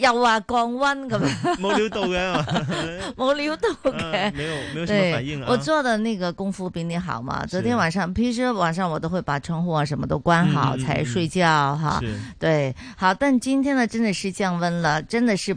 又話降溫咁樣，冇料到嘅，冇料到嘅，沒有，沒有什麼反應啊。我做的那個功夫比你好嘛？昨天晚上，平時是晚上我都會把窗戶啊什麼都關好、嗯、才睡覺、嗯、哈。是對，好，但今天呢，真的是降溫了，真的是。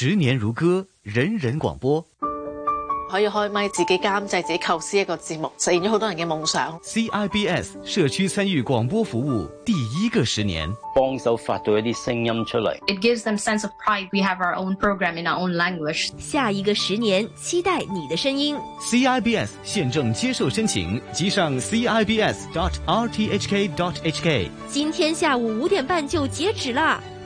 十年如歌，人人廣播可以開麥，自己監製，自己構思一個節目，實現咗好多人嘅夢想。CIBS 社區參與廣播服務第一個十年，幫手發到一啲聲音出嚟。It gives them sense of pride we have our own program in our own language。下一個十年，期待你的聲音。CIBS 現正接受申請，即上 c i b s d r t h k d o t h k 今天下午五點半就截止啦。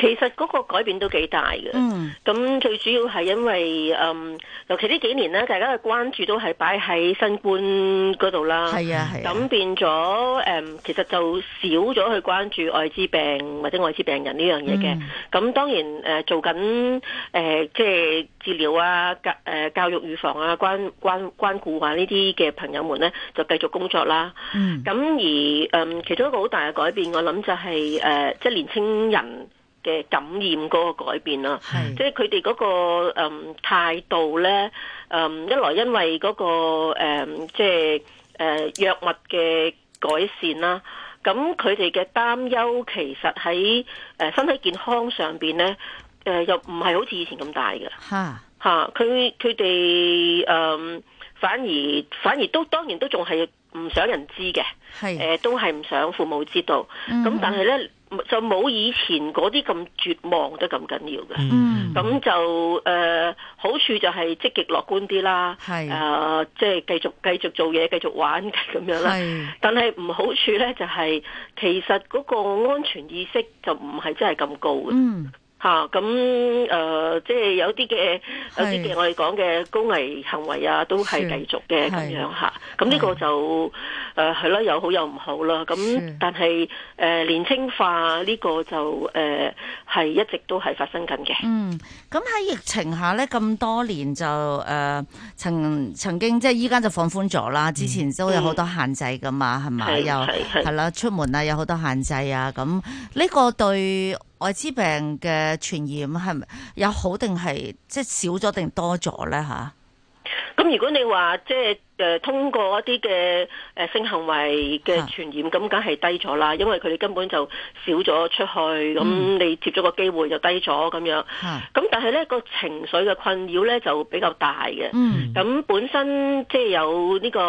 其實嗰個改變都幾大嘅，咁最主要係因為，嗯，尤其呢幾年咧，大家嘅關注都係擺喺新冠嗰度啦，係啊，咁變咗，誒，其實就少咗去關注艾滋病或者艾滋病人呢樣嘢嘅。咁當然，誒，做緊，誒，即係治療啊，教，誒，教育預防啊，關關關顧啊呢啲嘅朋友們咧，就繼續工作啦。咁而，嗯，其中一個好大嘅改變，我諗就係，誒，即係年青人。嘅感染嗰個改變啦，是即係佢哋嗰個嗯、呃、態度呢，嗯、呃、一來因為嗰、嗰個、呃、即係誒、呃、藥物嘅改善啦，咁佢哋嘅擔憂其實喺、呃、身體健康上面呢，呃、又唔係好似以前咁大嘅，嚇佢佢哋，嗯，反而，反而都當然都仲係唔想人知嘅是、呃，都係唔想父母知道，咁、嗯、哼但係呢，就冇以前嗰啲咁絕望得咁緊要嘅，咁、嗯、就誒、呃、好處就係積極樂觀啲啦，即係是、呃即係、繼，繼續做嘢、繼續玩咁樣啦。是但係唔好處咧就係、是、其實嗰個安全意識就唔係真係咁高嘅。嗯吓咁誒，即係有啲嘅是有啲嘅我哋講嘅高危行為啊，都係繼續嘅咁是樣吓。咁呢是、啊、個就誒係啦，有好有唔好啦。咁是但係誒、呃、年輕化呢個就誒係、呃、一直都係發生緊嘅。嗯，咁喺疫情下咧，咁多年就誒、呃、曾曾經即係依家就放寬咗啦。之前都有好多限制㗎嘛，係咪、嗯？又係啦，出門啊有好多限制啊。咁呢個對。愛滋病嘅傳染係咪有好定係即係少咗定多咗咧？吓。咁如果你話即係誒通過一啲嘅誒性行為嘅傳染，咁梗係低咗啦，因為佢哋根本就少咗出去，咁、嗯、你接觸個機會就低咗咁樣。咁是但係咧個情緒嘅困擾咧就比較大嘅。咁、嗯、本身即係有呢、這個誒、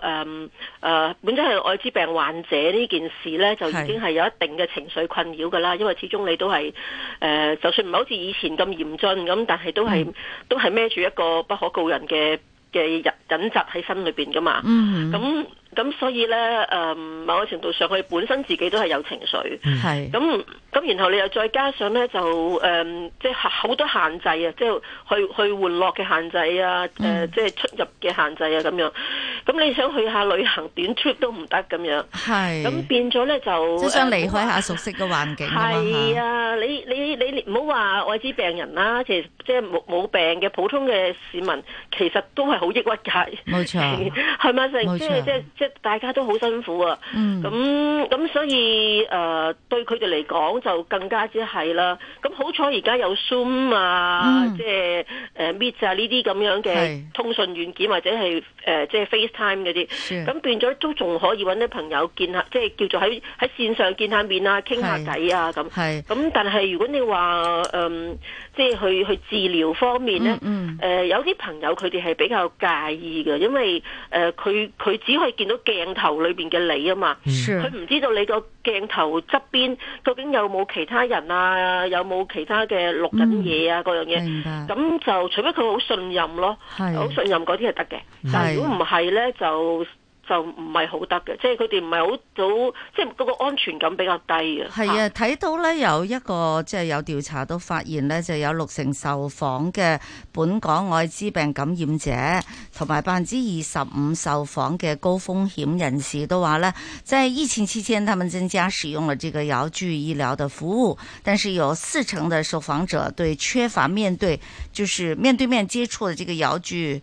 呃呃、本身係愛滋病患者呢件事咧，就已經係有一定嘅情緒困擾㗎啦。是因為始終你都係誒、呃，就算唔係好似以前咁嚴峻，咁但係都係是都係孭住一個不可告人嘅。嘅引隱疾喺身裏邊噶嘛，嗯咁、嗯。咁所以咧，誒、呃、某個程度上，佢本身自己都係有情緒。係。咁咁，然後你又再加上咧，就誒、呃，即係好多限制，限制啊，嗯呃、即係去去玩樂嘅限制啊，即係出入嘅限制啊，咁樣。咁你想去下旅行短 trip 都唔得咁樣。係。咁變咗咧就即係想離開下熟悉嘅環境。係啊，呃、啊啊你你你唔好話愛滋病人啦、啊，其實即係冇冇病嘅普通嘅市民，其實都係好抑鬱㗎，冇錯。係咪就冇錯。即係即係。即大家都好辛苦啊，咁咁、嗯啊、所以誒、呃、對佢哋嚟講就更加之係啦。咁好彩而家有 Zoom 啊，即係誒 Meet 啊呢啲咁樣嘅通訊軟件是或者係誒即係 FaceTime 嗰啲，咁、呃就是、是變咗都仲可以揾啲朋友見下，即、就、係、是、叫做喺喺線上見下面啊，傾下偈啊咁。咁但係如果你話誒。嗯即係去去治療方面咧，誒、嗯嗯呃、有啲朋友佢哋係比較介意嘅，因為誒佢佢只可以見到鏡頭裏邊嘅你啊嘛，佢唔、嗯、知道你個鏡頭側邊究竟有冇其他人啊，有冇其他嘅錄緊嘢啊嗰、嗯、樣嘢，咁的就除非佢好信任咯，好是信任嗰啲係得嘅，的但係如果唔係咧就。就唔係好得嘅，即係佢哋唔係好早，即係嗰個安全感比較低嘅。係啊，睇到咧有一個即係、就是、有調查都發現咧，就有六成受訪嘅本港艾滋病感染者，同埋百分之二十五受訪嘅高風險人士都話咧，即在疫情期間，他們增加使用了這個遠距醫療的服務，但是有四成嘅受訪者對缺乏面對，就是面對面接觸嘅，這個遠距。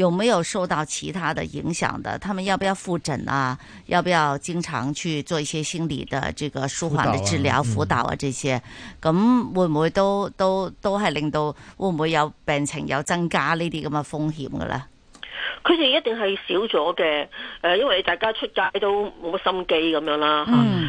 有沒有受到其他的影響的？他們要不要復診啊？要不要經常去做一些心理的這個舒緩的治療輔導啊？導啊嗯、這些咁會唔會都都都係令到會唔會有病情有增加呢啲咁嘅風險嘅咧？嗯嗯嗯。佢哋一定係少咗嘅，誒、呃，因為大家出街都冇乜心機咁樣啦。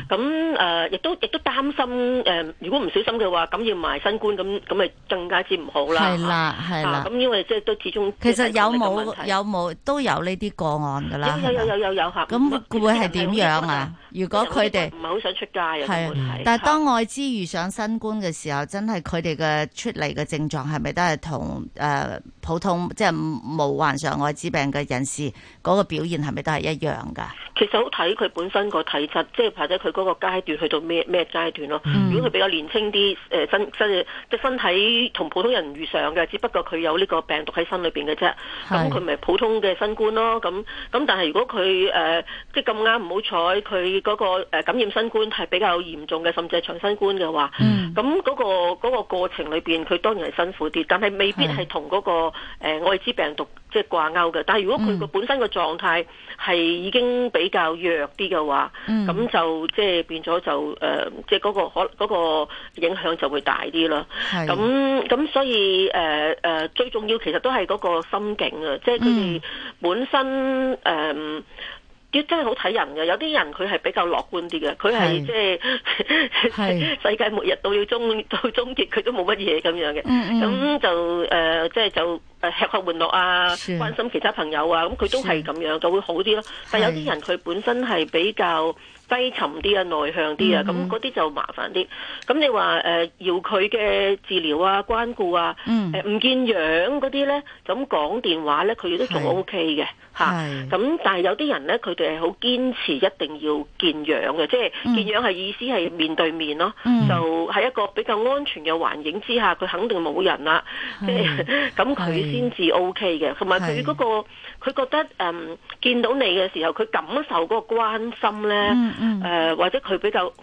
咁誒、嗯，亦、呃、都亦都擔心，誒、呃，如果唔小心嘅話，咁要埋新冠，咁咁咪更加之唔好啦。係啦，係啦。咁因為即係都始終其實有冇有冇都有呢啲個案噶啦。的有有有有有吓。咁會係點樣啊？如果佢哋唔係好想出街啊？係。但係當愛滋遇上新冠嘅時候，真係佢哋嘅出嚟嘅症狀係咪都係同誒普通即係冇患上愛疾病嘅人士嗰、那個表現係咪都係一樣噶？其實好睇佢本身個體質，即係或者佢嗰個階段去到咩咩階段咯。嗯、如果佢比較年輕啲，誒身身即係身體同普通人遇上嘅，只不過佢有呢個病毒喺身裏邊嘅啫。咁佢咪普通嘅新冠咯？咁咁但係如果佢誒、呃、即係咁啱唔好彩，佢嗰個誒感染新冠係比較嚴重嘅，甚至係長新冠嘅話，咁嗰、嗯那個嗰、那個過程裏邊，佢當然係辛苦啲，但係未必係同嗰個誒愛滋病毒即係掛鈎。但係如果佢個本身個狀態係已經比較弱啲嘅話，咁、嗯、就即係變咗就誒，即係嗰個可、嗰個影響就會大啲啦。咁咁是所以誒誒、呃呃，最重要其實都係嗰個心境啊，即係佢哋本身誒。嗯呃真係好睇人嘅，有啲人佢係比較樂觀啲嘅，佢係即係世界末日到要終到終結，佢都冇乜嘢咁樣嘅。咁就即係就誒吃喝玩樂啊，關心其他朋友啊，咁佢都係咁樣，就會好啲咯。但有啲人佢本身係比較低沉啲啊、內向啲啊，咁嗰啲就麻煩啲。咁你話要佢嘅治療啊、關顧啊，唔見樣嗰啲咧，咁講電話咧，佢都仲 O K 嘅。吓，咁是、啊、但係有啲人咧，佢哋係好堅持一定要見樣嘅，即係見樣係意思係面對面咯，嗯、就喺一個比較安全嘅環境之下，佢肯定冇人啦、啊，即係咁佢先至 OK 嘅，同埋佢嗰個佢覺得誒、嗯、見到你嘅時候，佢感受嗰個關心咧，誒、嗯嗯呃、或者佢比較誒、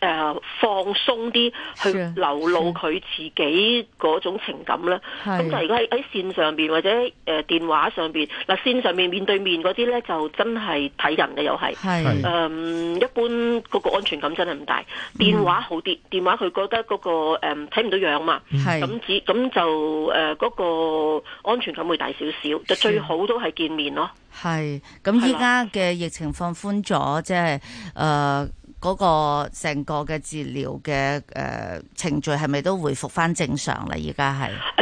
呃、放鬆啲去流露佢自己嗰種情感咧，咁就係如果喺喺線上邊或者誒電話上邊嗱線上面。對面嗰啲呢就真係睇人嘅，又係誒一般嗰個安全感真係唔大。電話好啲，電話佢覺得嗰個誒睇唔到樣嘛，咁只咁就誒嗰個安全感會大少少，就最好都係見面咯。係咁，依家嘅疫情放寬咗，即係誒。嗰個成個嘅治療嘅誒程序係咪都回復翻正常啦？而家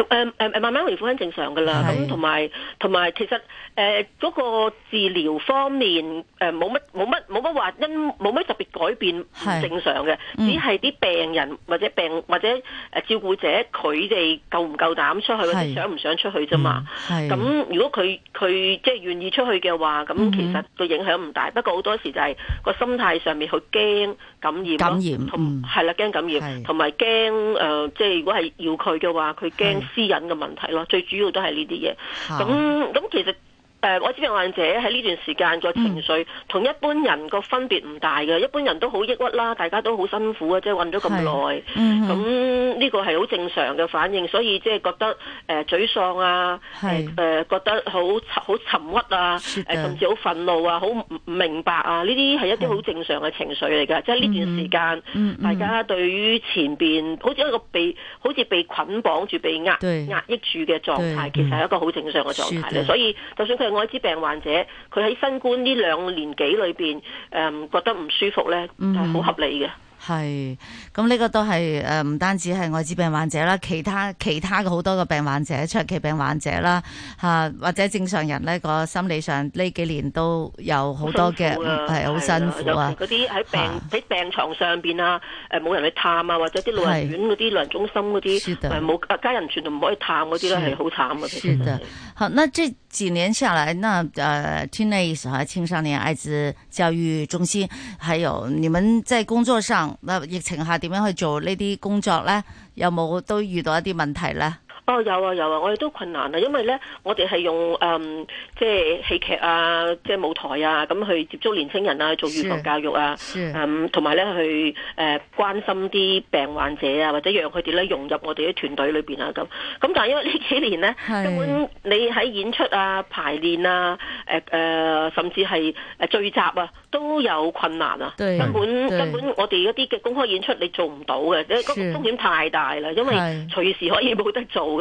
係誒誒誒慢慢回復翻正常噶啦，咁同埋同埋其實誒、呃嗰個治療方面誒冇乜冇乜冇乜話因冇乜特別改變。是正常嘅，嗯、只係啲病人或者病或者誒照顧者佢哋夠唔夠膽出去，是或者想唔想出去啫嘛。係咁、嗯、如果佢佢即係願意出去嘅話，咁其實個影響唔大。嗯嗯不過好多時就係個心態上面好驚。驚感染咯，同係啦，驚感染，同埋驚誒，即係如果係要佢嘅話，佢驚私隱嘅問題咯。是的 最主要都係呢啲嘢。咁咁是的 其實。誒，我知病患者喺呢段時間個情緒同一般人個分別唔大嘅，一般人都好抑鬱啦，大家都好辛苦啊，即係困咗咁耐，咁呢個係好正常嘅反應，所以即係覺得誒沮喪啊，係誒覺得好好沉鬱啊，誒甚至好憤怒啊，好唔明白啊，呢啲係一啲好正常嘅情緒嚟嘅，即係呢段時間，大家對於前邊好似一個被好似被捆綁住、被壓壓抑住嘅狀態，其實係一個好正常嘅狀態咧，所以就算佢。艾滋病患者，佢喺新冠呢兩年幾裏邊，誒，覺得唔舒服咧，係好合理嘅。係，咁呢個都係誒，唔、呃、單止係愛滋病患者啦，其他其他嘅好多個病患者、長期病患者啦，嚇、啊、或者正常人咧，個心理上呢幾年都有好多嘅係好辛苦啊！嗰啲喺病喺、啊、病床上邊啊，冇、呃、人去探啊，或者啲老人院嗰啲老人中心嗰啲，誒冇的家人全唔可以探嗰啲咧，係好慘嘅。是的，嗯、好，那這幾年下嚟，那誒 Teenage 青少年愛滋教育中心，還有你們在工作上。疫情下點樣去做呢啲工作咧？有冇都遇到一啲問題咧？哦，有啊有啊，我哋都困難啊，因為咧，我哋係用誒、嗯、即係戲劇啊，即係舞台啊，咁去接觸年青人啊，做預防教育啊，嗯，同埋咧去誒、呃、關心啲病患者啊，或者讓佢哋咧融入我哋啲團隊裏邊啊，咁，咁但係因為呢幾年咧，是根本你喺演出啊、排練啊、誒、呃、誒甚至係誒聚集啊，都有困難啊，對根本對根本我哋啲嘅公開演出你做唔到嘅，誒是，風險太大啦，因為隨是時可以冇得做。對嗯啊咁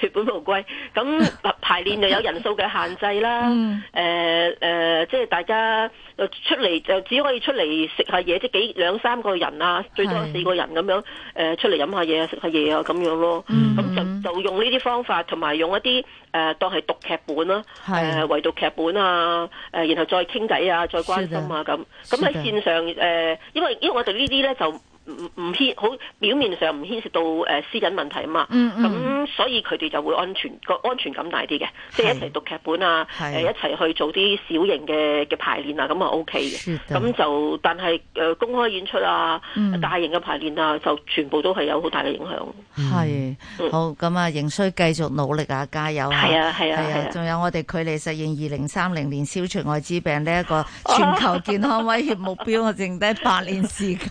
血本無歸，咁排練練就有人數嘅限制啦。誒誒、嗯呃呃，即係大家就出嚟就只可以出嚟食下嘢，即係幾兩三個人啊，最多四個人咁樣誒、呃、出嚟飲下嘢啊，食下嘢啊咁樣咯。咁、嗯嗯、就就用呢啲方法，同埋用一啲誒、呃、當係讀劇本啦，誒圍讀劇本啊，呃本啊呃、然後再傾偈啊，再關心啊咁。咁喺線上誒、呃，因為因為我哋呢啲咧就。唔唔牽，好表面上唔牽涉到誒私隱問題啊嘛，咁所以佢哋就會安全，個安全感大啲嘅，即係一齊讀劇本啊，一齊去做啲小型嘅嘅排練啊，咁啊 OK 嘅，咁就但係誒公開演出啊，大型嘅排練啊，就全部都係有好大嘅影響。係，好咁啊，仍需繼續努力啊，加油！係啊，係啊，仲有我哋距離實現二零三零年消除愛滋病呢一個全球健康威脅目標，我剩低八年時間。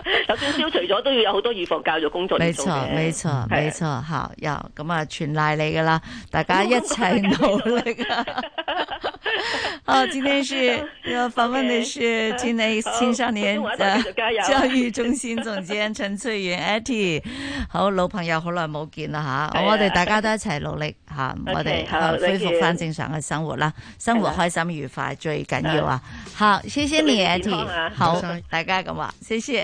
有消除除咗都要有好多預防教育工作。沒錯，沒錯，沒錯，吓，有咁啊，全賴你噶啦，大家一齊努力。好，今天是訪問嘅是青年青少年教育中心總監程萃雲 Eddie。好，老朋友好耐冇見啦，吓，我哋大家都一齊努力吓，我哋恢復翻正常嘅生活啦，生活開心愉快最緊要啊。好，謝謝你 Eddie，好，大家咁話，謝謝。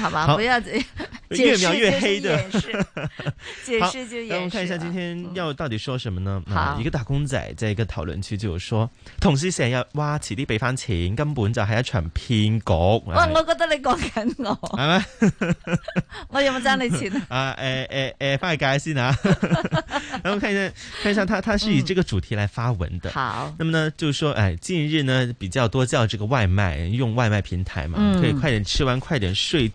好吧，不要這樣越描越黑的。解釋就掩飾。好，我們看一下今天要到底說什麼呢？好，一個打工仔在一個討論區就說，同事想要哇，遲啲俾翻錢，根本就係一場騙局。哇，我覺得你講緊我，係咪？我有冇爭你錢啊？誒誒誒，快啲解釋啊！然後看一下看一下他他是以這個主題來發文的。好，那麼呢就是說，哎，近日呢比較多叫這個外賣，用外賣平台嘛，可以快點吃完，快點睡。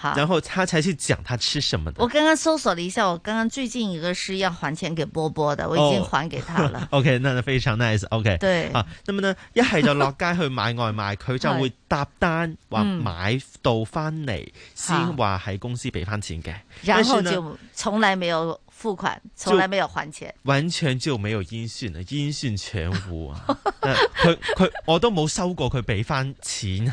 好然後他才去講他吃什麼的。我剛剛搜索了一下，我剛剛最近一個是要還錢給波波的，我已經還給他了。OK，那非常 nice。OK，nice, okay 對啊，咁樣咧，一係就落街去買外賣，佢就會搭單話、 嗯、買到翻嚟先話喺公司俾翻錢嘅。好然後就從來沒有付款，從來沒有還錢，完全就沒有音訊啊，音訊全無啊。佢佢 我都冇收過佢俾翻錢。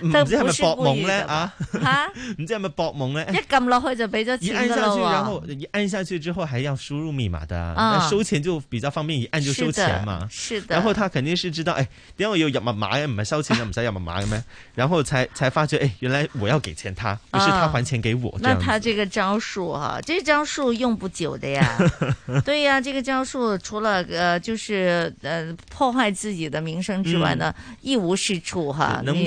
你知唔知係咪博懵呢？啊？吓，你知唔知係咪博懵呢？一撳落去就俾咗錢，然後你按下去之後，還要輸入密碼的，收錢就比較方便，一按就收錢嘛。是的。然後他肯定是知道，哎，點解有要密碼呀？唔係收錢呀？唔使要密碼咩？然後才才發覺，哎，原來我要給錢，他不是他還錢給我。那他這個招數哈，這招數用不久的呀。對呀，這個招數除了，誒，就是，誒，破壞自己的名聲之外呢，一無是處哈。能。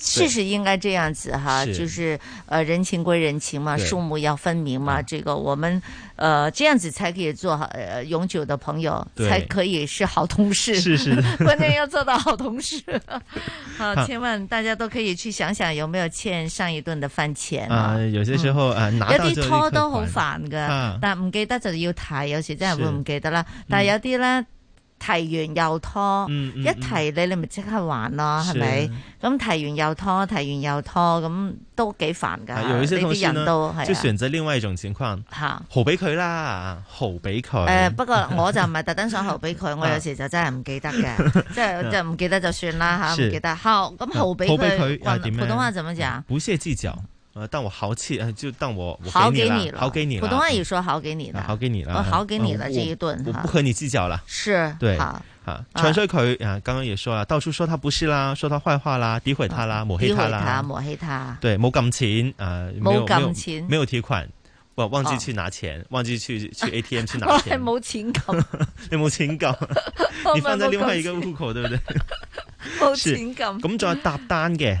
事實應該這樣子哈，就是呃，人情歸人情嘛，數目要分明嘛。這個我們呃這樣子才可以做好永久的朋友，才可以是好同事。是是，關鍵要做到好同事。好，千萬大家都可以去想想有沒有欠上一頓的飯錢啊。有些時候啊，拿到這一頓。有啲拖都好煩噶，但唔記得就要睇，有時真係會唔記得啦。但係有啲咧。提完又拖，一提你你咪即刻還咯，係咪？咁提完又拖，提完又拖，咁都幾煩噶。呢啲人都係。即係選擇另外一種情況。吓，豪俾佢啦，豪俾佢。誒，不過我就唔係特登想豪俾佢，我有時就真係唔記得嘅，即係就唔記得就算啦吓，唔記得。好，咁豪俾佢。豪俾佢，普通話點樣？普通話就乜嘢啊？不屑計較。呃，當我豪氣，就當我我好給你了，好給你了。普通話也說好給你了，好給你了，我好給你了。這一頓，我不和你計較了。是，對，哈，哈。純粹佢啊，剛剛也說了，到處說他不是啦，說他壞話啦，詆毀他啦，抹黑他啦，抹黑他。對，冇感情啊，冇感情，沒有提款，我忘記去拿錢，忘記去去 ATM 去拿錢，係冇錢咁，係冇錢，你放在另外一個戶口，對不對，冇錢咁。咁再搭單嘅。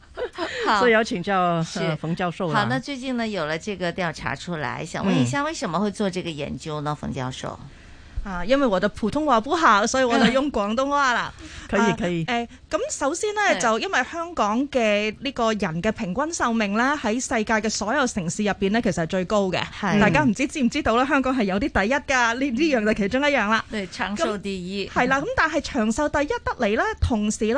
所以要請教馮教授好，那最近呢有了這個調查出來，想問一下，為什麼會做這個研究呢？馮教授，啊，因為我就普通話不好，所以我就用廣東話了 可以，可以。誒、啊，咁首先呢，是就因為香港嘅呢個人嘅平均壽命咧，喺世界嘅所有城市入邊呢，其實係最高嘅。係是。大家唔知知唔知道咧？香港係有啲第一噶，呢呢樣就其中一樣啦。對，長壽第一。係啦，咁但係長壽第一得嚟咧，同時咧。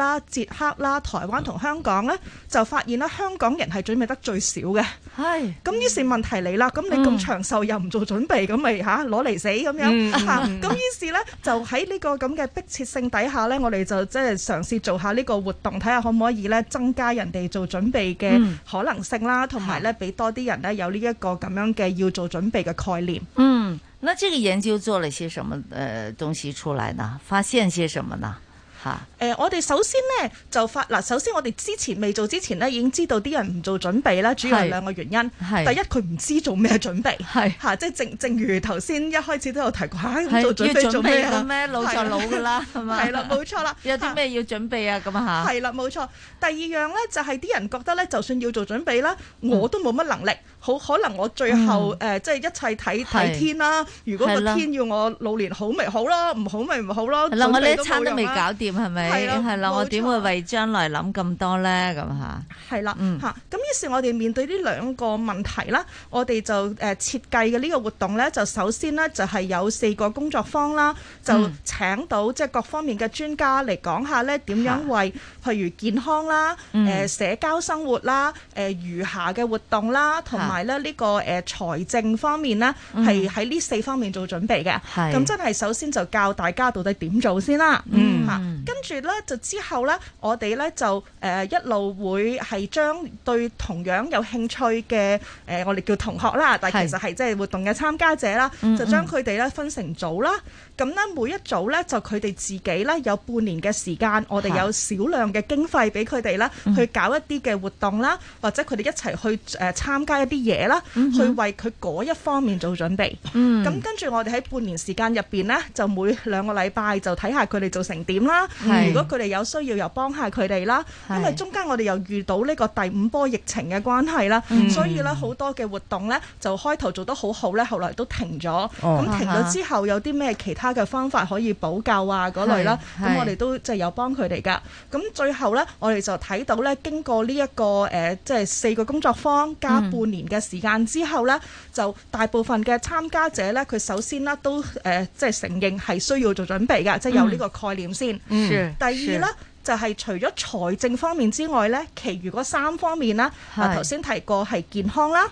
啦，捷克啦，台灣同香港咧，就發現咧香港人係準備得最少嘅。係咁唉，於是問題嚟啦。咁、嗯、你咁長壽又唔做準備，咁咪吓攞嚟死咁樣吓。咁於、嗯啊、是咧， 就喺呢個咁嘅迫切性底下咧，我哋就即係嘗試做下呢個活動，睇下可唔可以咧增加人哋做準備嘅可能性啦，同埋咧俾多啲人咧有呢一個咁樣嘅要做準備嘅概念。嗯，那這個研究做了些什麼？誒，東西出來呢？發現些什麼呢？誒、呃，我哋首先咧就發，嗱，首先我哋之前未做之前咧，已經知道啲人唔做準備啦，主要有兩個原因，第一佢唔知做咩準備，係吓是，即係正正如頭先一開始都有提過、啊，做準備做咩？老就老噶 吧 啦，係咪？係啦，冇錯啦，有啲咩要準備啊？咁啊吓？係啦，冇錯。第二樣咧就係、是、啲人覺得咧，就算要做準備啦，我都冇乜能力。嗯好可能我最後即係、嗯呃、一切睇睇天啦，啊。是如果個天要我老年好咪好咯，唔好咪唔好咯。係啦的，啊、我呢一餐都未搞掂係咪？係啦，係啦的，錯我點會為將來諗咁多咧？咁嚇係啦，咁、嗯啊、於是，我哋面對呢兩個問題啦，我哋就誒設計嘅呢個活動咧，就首先呢，就係有四個工作坊啦，就請到即係各方面嘅專家嚟講下咧點樣為、啊、譬如健康啦、嗯、社交生活啦、誒、呃、餘下嘅活動啦同埋咧呢個誒、呃、財政方面呢，係喺呢四方面做準備嘅。咁是真係首先就教大家到底點做先啦。嗯，嚇、啊，跟住呢，就之後呢，我哋呢就誒、呃、一路會係將對同樣有興趣嘅誒、呃，我哋叫同學啦，但其實係即係活動嘅參加者啦，是就將佢哋呢分成組啦。嗯嗯咁咧，每一組咧就佢哋自己咧有半年嘅時間，我哋有少量嘅經費俾佢哋啦，的去搞一啲嘅活動啦，或者佢哋一齊去誒參加一啲嘢啦，嗯、哼去為佢嗰一方面做準備。咁、嗯、跟住我哋喺半年時間入邊呢，就每兩個禮拜就睇下佢哋做成點啦。的如果佢哋有需要，又幫下佢哋啦。的因為中間我哋又遇到呢個第五波疫情嘅關係啦，的所以咧好多嘅活動呢，就開頭做得好好咧，後來都停咗。咁、哦、停咗之後有啲咩其他嘅方法可以補救啊，嗰類啦，咁我哋都即係有幫佢哋噶。咁最後呢，我哋就睇到呢經過呢、這、一個誒、呃，即係四個工作坊加半年嘅時間之後呢，嗯、就大部分嘅參加者呢，佢首先呢都誒、呃，即係承認係需要做準備嘅，即係、嗯、有呢個概念先。嗯。嗯、第二呢，就係、是、除咗財政方面之外呢，其餘嗰三方面呢，是啊頭先提過係健康啦。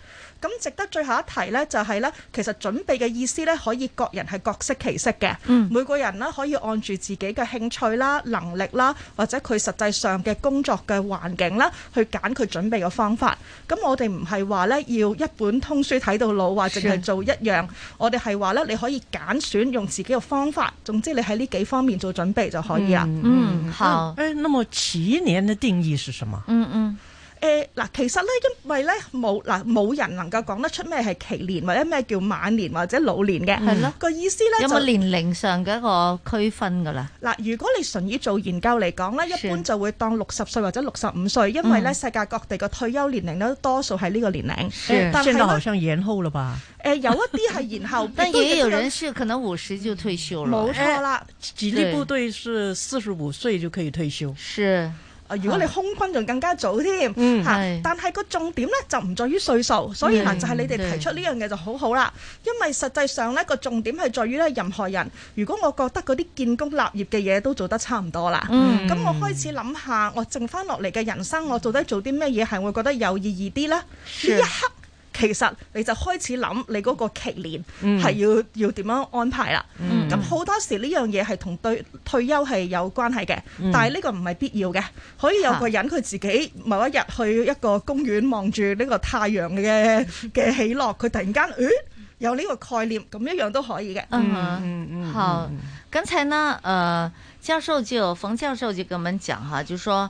咁值得最後一提呢，就係、是、呢。其實準備嘅意思呢，可以各人係各適其適嘅。嗯、每個人呢，可以按住自己嘅興趣啦、能力啦，或者佢實際上嘅工作嘅環境啦，去揀佢準備嘅方法。咁我哋唔係話呢，要一本通書睇到老，或者係做一樣。是我哋係話呢，你可以揀選，選用自己嘅方法。總之你喺呢幾方面做準備就可以啦、嗯。嗯，好。誒、啊，那麼耆年嘅定義係什麼？嗯嗯。嗯誒嗱，呃，其實咧，因為咧冇嗱，冇人能夠講得出咩係耆年或者咩叫晚年或者老年嘅，係咯，個意思咧就是，有冇年齡上嘅一個區分噶啦。嗱，如果你純以做研究嚟講咧，一般就會當六十歲或者六十五歲，是因為咧世界各地個退休年齡都多數係呢個年齡。但係都好像延後了吧？誒，呃，有一啲係延後， 但係也有人是可能五十就退休啦。冇錯啦，紀律對部隊是四十五歲就可以退休。是。如果你空軍仲更加早添，嚇、啊！嗯、係但係個重點咧就唔在於歲數，對所以嗱就係你哋提出呢樣嘢就很好好啦。對因為實際上咧個重點係在於咧任何人，如果我覺得嗰啲建功立業嘅嘢都做得差唔多啦，咁、嗯、我開始諗下我剩翻落嚟嘅人生，我到底做啲咩嘢係會覺得有意義啲咧？呢是一刻。其實你就開始諗你嗰個耆年係要、嗯、要點樣安排啦。咁好、嗯、多時呢樣嘢係同對退休係有關係嘅，嗯、但係呢個唔係必要嘅，可以有個人佢自己某一日去一個公園望住呢個太陽嘅嘅起落，佢突然間，誒，有呢個概念，咁一樣都可以嘅、嗯。嗯嗯嗯。好，剛才呢，誒、呃，教授就馮教授就咁樣講吓，就說。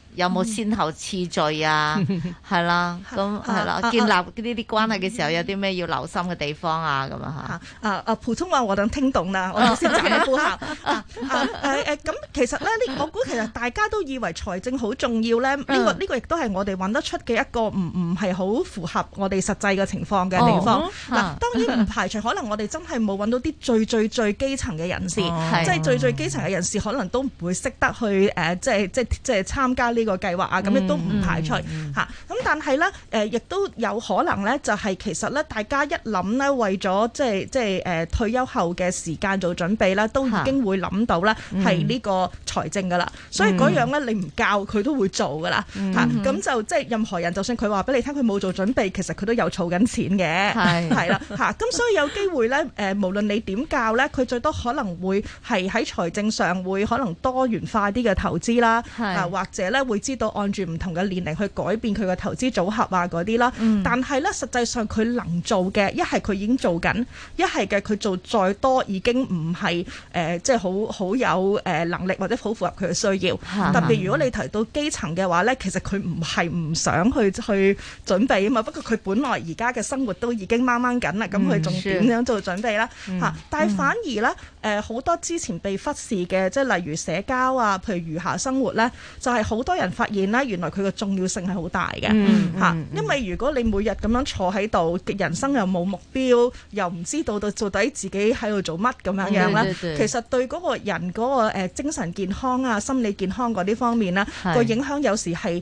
有冇先後次序啊？係啦，咁係啦，建立呢啲關係嘅時候，有啲咩要留心嘅地方啊？咁啊嚇，啊啊普通話我等聽懂啦，我哋先暫時放下。誒誒，咁其實咧，呢我估其實大家都以為財政好重要咧，呢個呢個亦都係我哋揾得出嘅一個唔唔係好符合我哋實際嘅情況嘅地方。嗱，當然唔排除可能我哋真係冇揾到啲最最最基層嘅人士，即係最最基層嘅人士可能都唔會識得去誒，即係即係即係參加呢。呢個計劃啊，咁亦都唔排除嚇。咁、嗯嗯、但係咧，誒亦都有可能咧，就係其實咧，大家一諗咧，為咗即係即係誒退休後嘅時間做準備啦，都已經會諗到啦，係呢個財政噶啦。嗯、所以嗰樣咧，你唔教佢都會做噶啦嚇。咁、嗯、就即係任何人，就算佢話俾你聽，佢冇做準備，其實佢都有儲緊錢嘅。係係啦嚇。咁的 所以有機會咧，誒無論你點教咧，佢最多可能會係喺財政上會可能會多元化啲嘅投資啦，啊或者咧。會知道按住唔同嘅年齡去改變佢個投資組合啊嗰啲啦，嗯、但係呢，實際上佢能做嘅一係佢已經做緊，一係嘅佢做再多已經唔係誒即係好好有誒能力或者好符合佢嘅需要。嗯、特別如果你提到基層嘅話呢，其實佢唔係唔想去去準備啊嘛。不過佢本來而家嘅生活都已經掹掹緊啦，咁佢仲點樣做準備呢？吓、嗯，但係反而呢。嗯誒好多之前被忽視嘅，即係例如社交啊，譬如餘暇生活咧，就係、是、好多人發現呢，原來佢嘅重要性係好大嘅、嗯嗯嗯、因為如果你每日咁樣坐喺度，人生又冇目標，又唔知道到到底自己喺度做乜咁樣樣，其實對嗰個人嗰個精神健康啊、心理健康嗰啲方面咧，是個影響有時係。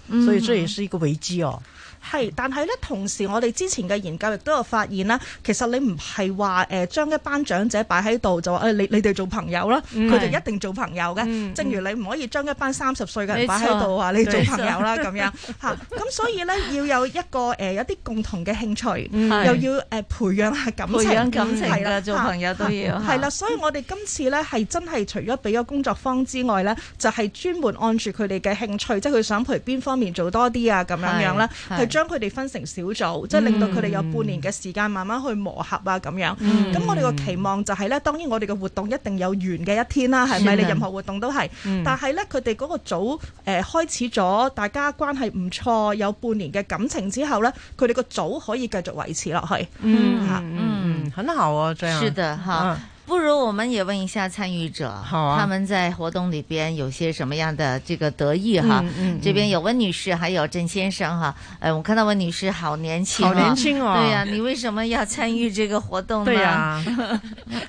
所以雖然是一個未知哦，係，但係咧同時我哋之前嘅研究亦都有發現啦。其實你唔係話誒將一班長者擺喺度就話誒你你哋做朋友啦，佢哋一定做朋友嘅。正如你唔可以將一班三十歲嘅人擺喺度話你做朋友啦咁樣吓，咁所以咧要有一個誒有啲共同嘅興趣，又要誒培養下感情，感情啦做朋友都要係啦。所以我哋今次咧係真係除咗俾咗工作坊之外咧，就係專門按住佢哋嘅興趣，即係佢想陪邊方。年做多啲啊，咁樣樣啦，係將佢哋分成小組，嗯、即係令到佢哋有半年嘅時間慢慢去磨合啊，咁樣。咁、嗯、我哋個期望就係、是、咧，當然我哋嘅活動一定有完嘅一天啦，係咪？是的你任何活動都係，嗯、但係咧佢哋嗰個組誒、呃、開始咗，大家關係唔錯，有半年嘅感情之後咧，佢哋個組可以繼續維持落去。嗯、啊、嗯，很好啊，最後是的好、嗯不如我們也問一下參與者，他們在活動裏邊有些什麼樣的這個得意哈？這邊有溫女士，還有鄭先生哈。呃，我看到溫女士好年輕，好年輕哦！對呀，你為什麼要參與這個活動呢？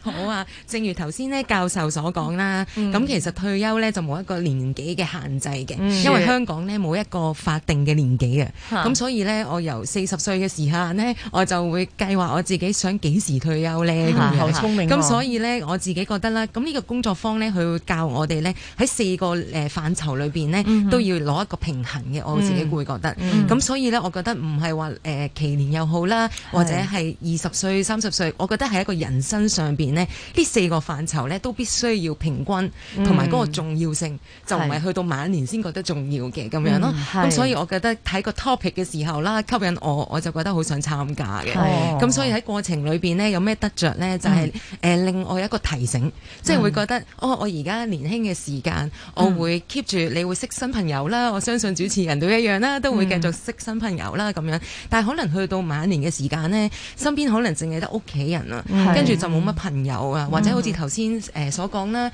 好啊，正如頭先呢教授所講啦，咁其實退休呢就冇一個年紀嘅限制嘅，因為香港呢冇一個法定嘅年紀嘅，咁所以呢，我由四十歲嘅時候呢，我就會計劃我自己想幾時退休呢。好聰明，咁所以。咧我自己覺得啦，咁、這、呢個工作坊咧，佢會教我哋咧喺四個誒範疇裏邊呢，mm hmm. 都要攞一個平衡嘅。我自己會覺得，咁、mm hmm. 所以咧，我覺得唔係話誒耆年又好啦，是或者係二十歲、三十歲，我覺得係一個人生上邊呢，呢四個範疇咧都必須要平均，同埋嗰個重要性是就唔係去到晚年先覺得重要嘅咁樣咯。咁、mm hmm. 所以我覺得睇個 topic 嘅時候啦，吸引我我就覺得好想參加嘅。咁、oh. 所以喺過程裏邊呢，有咩得着呢？就係誒另。Mm hmm. 呃我有一個提醒，即係會覺得，嗯、哦，我而家年輕嘅時間，我會 keep 住，嗯、你會識新朋友啦。我相信主持人都一樣啦，都會繼續識新朋友啦。咁樣，但係可能去到晚年嘅時間呢，身邊可能淨係得屋企人啦，跟住是 就冇乜朋友啊，嗯、或者好似頭先誒所講啦，誒、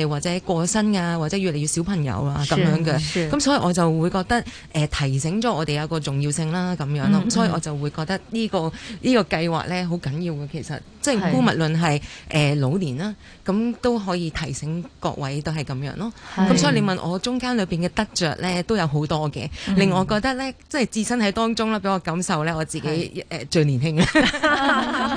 呃、或者過身啊，或者越嚟越少朋友啦、啊、咁樣嘅。咁是是 所以我就會覺得誒、呃、提醒咗我哋有個重要性啦，咁樣咯。嗯、所以我就會覺得呢、呢個呢、呢個計劃咧好緊要嘅，其實。即係姑勿論係誒老年啦，咁都可以提醒各位都係咁樣咯。咁所以你問我中間裏邊嘅得着咧，都有好多嘅，令我覺得咧，即係置身喺當中啦，俾我感受咧，我自己誒最年輕啦。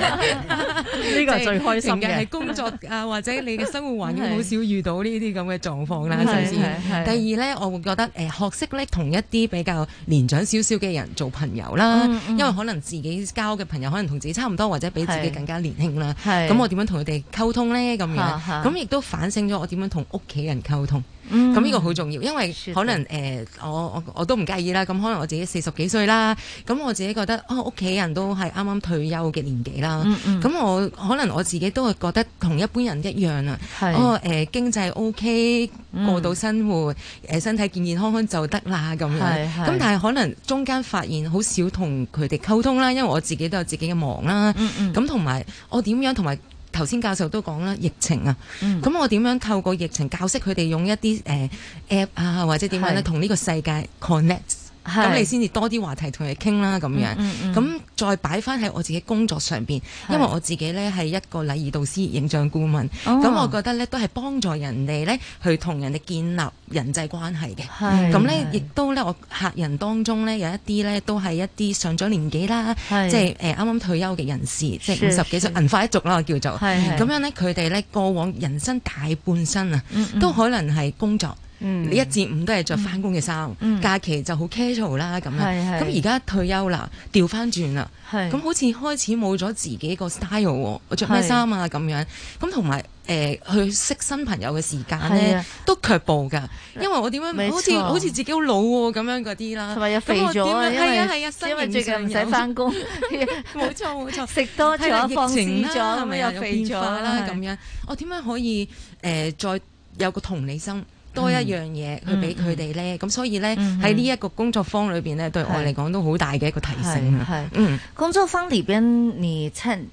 呢個最開心嘅係工作啊，或者你嘅生活環境好少遇到呢啲咁嘅狀況啦。第二咧，我會覺得誒學識咧同一啲比較年長少少嘅人做朋友啦，因為可能自己交嘅朋友可能同自己差唔多，或者比自己更加年。啦，咁我點樣同佢哋溝通呢？咁樣，咁亦都反省咗我點樣同屋企人溝通。咁呢、嗯、個好重要，因為可能、呃、我我，我都唔介意啦。咁可能我自己四十幾歲啦，咁我自己覺得哦，屋企人都係啱啱退休嘅年紀啦。咁、嗯嗯、我可能我自己都係覺得同一般人一樣啊。是哦誒、呃，經濟 OK，過到生活、嗯、身體健健康康就得啦咁樣。咁但係可能中間發現好少同佢哋溝通啦，因為我自己都有自己嘅忙啦。咁同埋我點樣同埋？頭先教授都講啦，疫情啊，咁、嗯、我點樣透過疫情教識佢哋用一啲、呃、app 啊，或者點樣咧，同呢個世界 connect，咁是你先至多啲話題同佢哋傾啦，咁樣，咁、嗯嗯。再擺翻喺我自己工作上邊，因為我自己咧係一個禮儀導師、形象顧問，咁、oh、我覺得咧都係幫助人哋咧去同人哋建立人際關係嘅。咁咧亦都咧，我客人當中咧有一啲咧都係一啲上咗年紀啦，是 即係誒啱啱退休嘅人士，即係五十幾歲是是銀髮一族啦，我叫做。咁是是 樣咧，佢哋咧過往人生大半生啊，都可能係工作。嗯嗯你一至五都係着翻工嘅衫，假期就好 casual 啦咁樣。咁而家退休啦，調翻轉啦。咁好似開始冇咗自己個 style，我着咩衫啊咁樣。咁同埋誒去識新朋友嘅時間咧，都卻步㗎。因為我點樣好似好似自己好老喎咁樣嗰啲啦，同埋又肥咗啊，係啊，係啊，因為最近唔使翻工。冇錯冇錯，食多咗放肆咗，係咪又肥咗啦？咁樣我點樣可以誒再有個同理心？多一樣嘢去俾佢哋咧，咁、嗯嗯、所以咧喺呢一、嗯嗯、個工作坊裏邊咧，對我嚟講都好大嘅一個提升。嗯，工作坊裏邊你趁，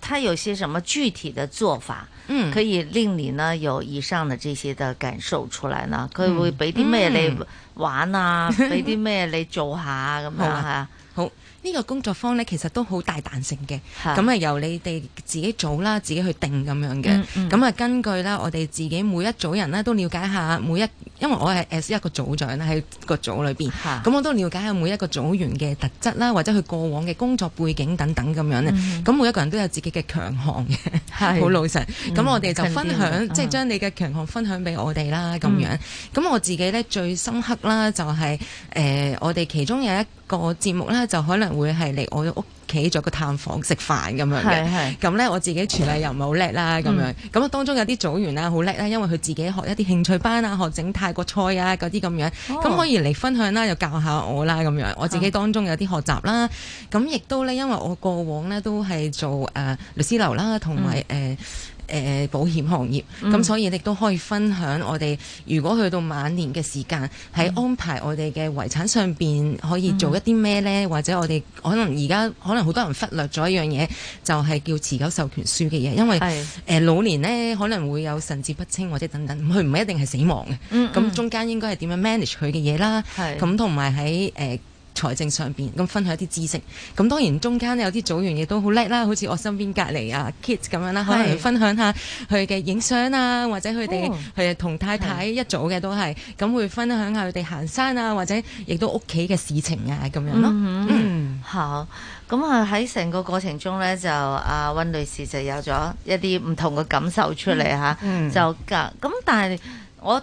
他有些什麼具體的做法，嗯，可以令你呢有以上的這些的感受出來呢？佢會俾啲咩你玩啊？俾啲咩你做下咁、啊、 樣啊？好。呢個工作坊咧，其實都好大彈性嘅，咁啊的由你哋自己組啦，自己去定咁樣嘅。咁啊、嗯嗯、根據啦，我哋自己每一組人咧都了解下每一，因為我係 S 個一個組長啦喺個組裏面。咁的、嗯、我都了解下每一個組員嘅特質啦，或者佢過往嘅工作背景等等咁樣咧。咁、嗯、每一個人都有自己嘅強項嘅，係好的老實。咁的、嗯、我哋就分享，嗯、即係將你嘅強項分享俾我哋啦，咁樣。咁、嗯、我自己咧最深刻啦、就是，就係誒我哋其中有一。個節目咧就可能會係嚟我屋企做個探訪食飯咁樣嘅，咁咧是是 我自己廚藝又唔係好叻啦咁樣，咁、嗯、當中有啲組員咧好叻啦，因為佢自己學一啲興趣班啊，學整泰國菜啊嗰啲咁樣，咁、哦、可以嚟分享啦，又教下我啦咁樣，我自己當中有啲學習啦，咁亦都咧，因為我過往咧都係做誒、呃、律師樓啦，同埋誒。嗯呃誒、呃、保險行業，咁、嗯、所以亦都可以分享我哋，如果去到晚年嘅時間，喺、嗯、安排我哋嘅遺產上邊可以做一啲咩呢？嗯、或者我哋可能而家可能好多人忽略咗一樣嘢，就係、是、叫持久授權書嘅嘢。因為是、呃、老年呢可能會有神志不清或者等等，佢唔係一定係死亡嘅。咁、嗯嗯、中間應該係點樣 manage 佢嘅嘢啦？咁同埋喺財政上邊咁分享一啲知識，咁當然中間有啲組員亦都好叻啦，好似我身邊隔籬啊 kids 咁樣啦，的可能分享下佢嘅影相啊，或者佢哋佢同太太一組嘅都係咁的會分享下佢哋行山啊，或者亦都屋企嘅事情啊咁樣咯。嗯哼嗯、好，咁啊喺成個過程中咧就阿溫、啊、女士就有咗一啲唔同嘅感受出嚟嚇，嗯嗯、就隔咁但係我。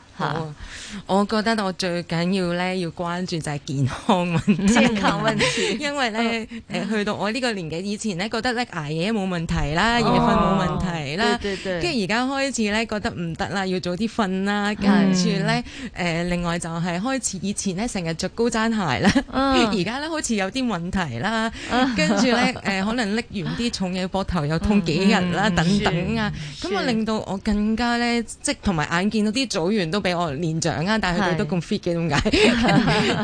我，我覺得我最緊要咧要關注就係健康問題，問題 因為咧呢誒、哦呃、去到我呢個年紀以前咧覺得咧捱夜冇問題啦，哦、夜瞓冇問題啦，跟住而家開始咧覺得唔得啦，要早啲瞓啦，跟住咧誒另外就係開始以前咧成日着高踭鞋啦，跟住而家咧好似有啲問題啦，哦、跟住咧誒可能拎完啲重嘢膊頭又痛幾日啦、嗯、等等啊，咁啊、嗯、令到我更加咧即同埋眼見到啲組員都俾。我年長啊，但係佢哋都咁 fit 嘅，點解？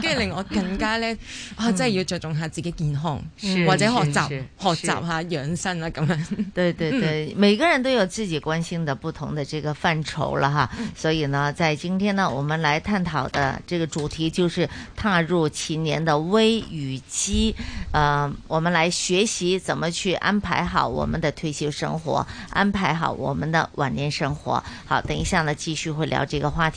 跟住 令我更加咧啊， 真係要着重下自己健康是或者學習學習下養生啦，咁樣。對對對，嗯、每個人都有自己關心的不同的這個範疇啦，吓，所以呢，在今天呢，我們來探討的這個主題就是踏入耆年的危與機，呃，我們來學習怎麼去安排好我們的退休生活，安排好我們的晚年生活。好，等一下呢，繼續會聊這個話題。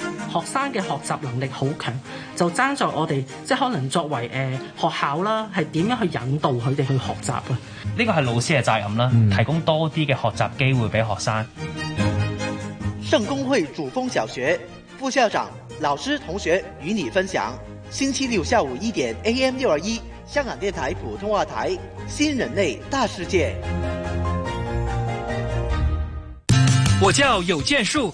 學生嘅學習能力好強，就爭在我哋即可能作為誒、呃、學校啦，係點樣去引導佢哋去學習啊？呢個係老師嘅責任啦，嗯、提供多啲嘅學習機會俾學生。聖公會主風小學副校長老師同學與你分享，星期六下午一點 AM 六二一香港電台普通話台，新人類大世界。我叫有建樹。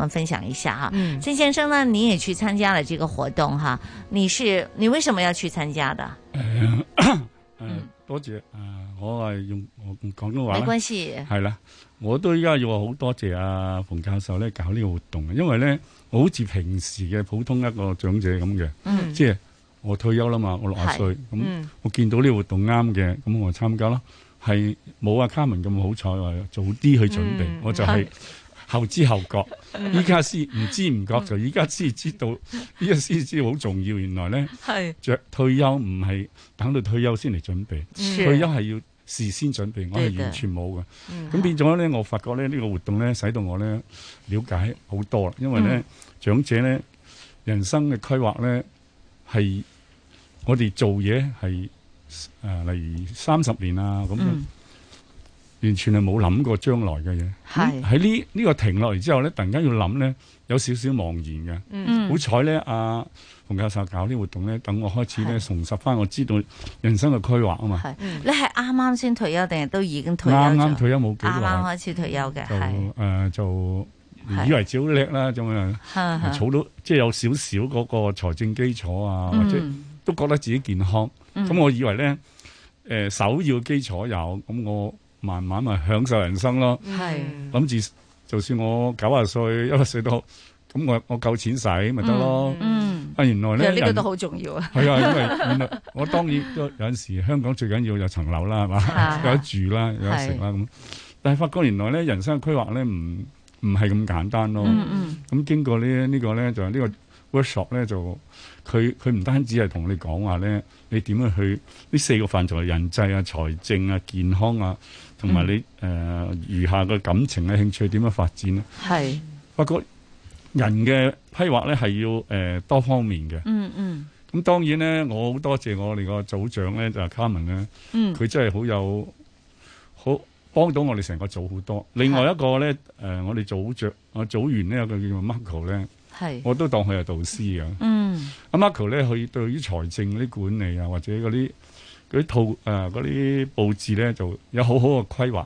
分享一下哈，鄭、嗯、先生呢？你也去參加了這個活動哈？你是你為什麼要去參加的？呃呃、多謝啊、呃！我係用我廣東話，沒關係，係啦。我都依家要好多謝阿、啊、馮教授咧搞呢個活動，因為咧，我好似平時嘅普通一個長者咁嘅，嗯，即係我退休啦嘛，我六十歲，咁是、嗯、我見到呢個活動啱嘅，咁我參加咯，係冇阿卡文咁好彩，早啲去準備，嗯、我就係、是。嗯後知後覺，依家先唔知唔覺就依家先知道，依家先知道好重要。原來咧，是着退休唔係等到退休先嚟準備，的退休係要事先準備，我係完全冇嘅。咁變咗咧，我發覺咧呢、呢個活動咧，使到我咧了解好多啦。因為咧、嗯、長者咧人生嘅規劃咧係我哋做嘢係誒例如三十年啊咁。完全係冇諗過將來嘅嘢，喺呢呢個停落嚟之後咧，突然間要諗咧，有少少茫然嘅。嗯嗯，好彩咧，阿馮教授搞啲活動咧，等我開始咧重拾翻，我知道人生嘅規劃啊嘛。係。你係啱啱先退休定係都已經退休？啱啱退休冇幾耐，啱啱開始退休嘅係。誒，就以為自己叻啦，咁樣儲到即係有少少嗰個財政基礎啊，或者都覺得自己健康。咁我以為咧，誒，首要基礎有咁我。慢慢咪享受人生咯，諗住是就算我九啊歲、一百歲都好，咁我我夠錢使咪得咯。啊、嗯，嗯、原來咧，其實呢個都好重要啊。係 啊，因為原來我當然都有陣時，時候香港最緊要有層樓啦，係嘛、啊， 有得住啦，有得食啦咁。但係發覺原來咧，人生嘅規劃咧，唔唔係咁簡單咯。咁、嗯嗯、經過呢、這、呢個咧，這個、就係呢個 workshop 咧，就佢佢唔單止係同你講話咧，你點樣去呢四個範疇：人際啊、財政啊、健康啊。同埋你誒、嗯呃、餘下嘅感情嘅興趣點樣發展咧？發覺是人嘅批劃咧係要、呃、多方面嘅、嗯。嗯的嗯。咁當然咧，很助我好多謝我哋個組長咧就 Carmen 咧。佢真係好有好幫到我哋成個組好多。另外一個咧是、呃、我哋組長我組員呢，有個叫做 Marco 咧。是我都當佢係導師嘅。嗯。啊 Marco 咧，佢對於財政啲管理啊，或者嗰啲。嗰啲套誒啲佈置咧，就有好好嘅規劃。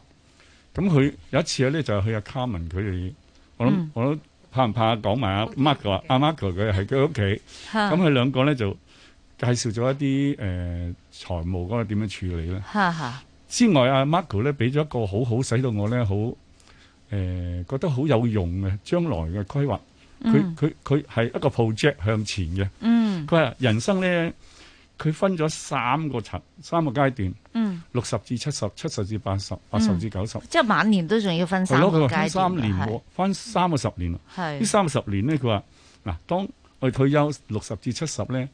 咁佢有一次咧，就係去阿 Carmen 佢哋，我諗、嗯、我諗怕唔怕講埋阿 Marco 阿 Marco 佢係佢屋企，咁佢兩個咧就介紹咗一啲誒、呃、財務嗰個點樣處理咧。之外，阿 Marco 咧俾咗一個好好，使到我咧好誒覺得好有用嘅將來嘅規劃。佢佢佢係一個 project 向前嘅。嗯，佢話人生咧。佢分咗三個層，三個階段，六十、嗯、至七十，七十至八十，八十至九十，即係晚年都仲要分三個階三年喎，是分三個十年。係呢是三個十年咧，佢話嗱，當我退休六十至七十咧，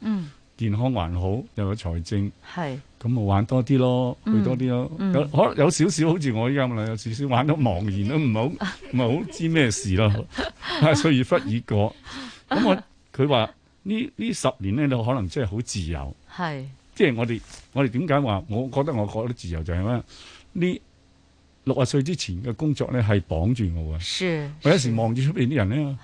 健康還好，又有財政，咁咪是玩多啲咯，去多啲咯。嗯嗯、有可有少少好似我依家咁啦，有少少玩到茫然都唔好，唔係好知咩事咯。歲月 忽已過，咁我佢話。呢呢十年咧，你可能真係好自由，是即係我哋我哋點解話？我覺得我覺得自由就係咩？呢六十歲之前嘅工作咧係綁住我嘅，我有時望住出邊啲人咧，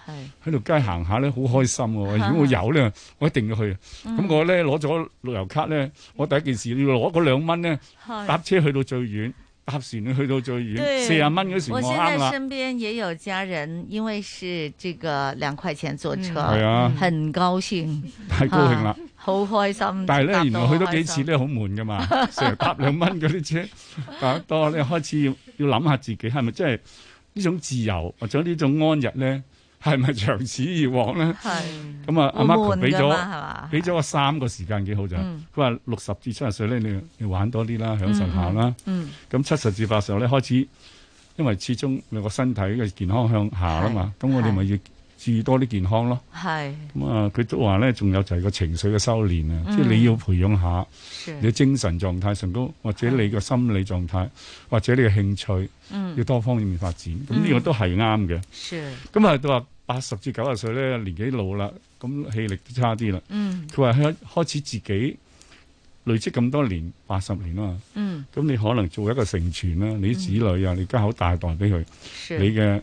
喺度是街行下咧好開心。是如果我有咧，我一定要去。咁是我咧攞咗旅遊卡咧，我第一件事要攞嗰兩蚊咧，搭車去到最遠。搭船去到最遠，四十蚊嗰時我啱現在身邊也有家人，我因為是這個兩塊錢坐車，係啊、嗯，很高興，嗯、太高興啦，好、啊、開心。但係咧，原來去多幾次咧，好悶噶嘛，成日搭兩蚊嗰啲車，但係當咧開始要要諗下自己係咪真係呢種自由或者呢種安逸咧？係咪長此以往咧？咁啊是，阿媽佢俾咗俾咗我三個時間幾好就是。佢話六十至七十歲咧，你你玩多啲啦，享受下啦。咁七十至八十歲咧，開始，因為始終你個身體嘅健康向下吖嘛。咁是我哋咪要注意多啲健康咯，係咁啊！佢都話咧，仲有就係個情緒嘅修煉啊，即係你要培養下你嘅精神狀態上高，或者你嘅心理狀態，或者你嘅興趣，要多方方面發展。咁呢個都係啱嘅。咁啊，都話八十至九十歲咧，年紀老啦，咁氣力都差啲啦。嗯，佢話開開始自己累積咁多年八十年啊嘛。嗯，咁你可能做一個承傳啦，你子女啊，你家口大袋俾佢，你嘅。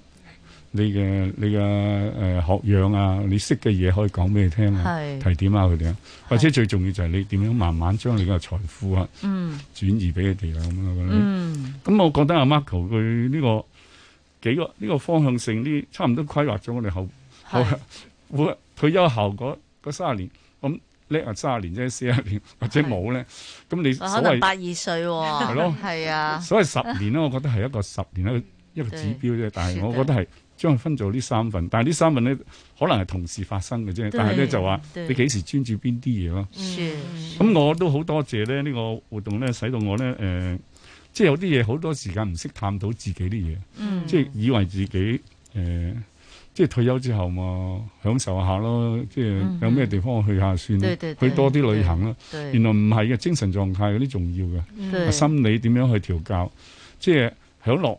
你嘅你嘅誒學養啊，你識嘅嘢可以講俾你聽啊，提點啊佢哋啊，或者最重要就係你點樣慢慢將你嘅財富啊轉移俾佢哋啊咁樣。咁我覺得阿 Marco 佢呢個幾個呢個方向性啲，差唔多規劃咗我哋後後退休後嗰嗰卅年，咁叻啊三十年即係，四十年或者冇咧，咁你所謂八二歲喎，係咯，係啊，所謂十年咧，我覺得係一個十年一個一個指標啫，但係我覺得係。將佢分做呢三份，但係呢三份咧可能係同時發生嘅啫。對但係咧就話你幾時專注邊啲嘢咯？咁、嗯嗯、我都好多謝咧呢、呢個活動咧，使到我咧誒，即、呃、係、就是、有啲嘢好多時間唔識探討自己啲嘢，嗯、即係以為自己誒、呃，即係退休之後嘛，享受下咯，即係有咩地方去下算，嗯、去多啲旅行啦。原來唔係嘅，精神狀態有啲重要嘅對、啊，心理點樣去調教，即係享樂。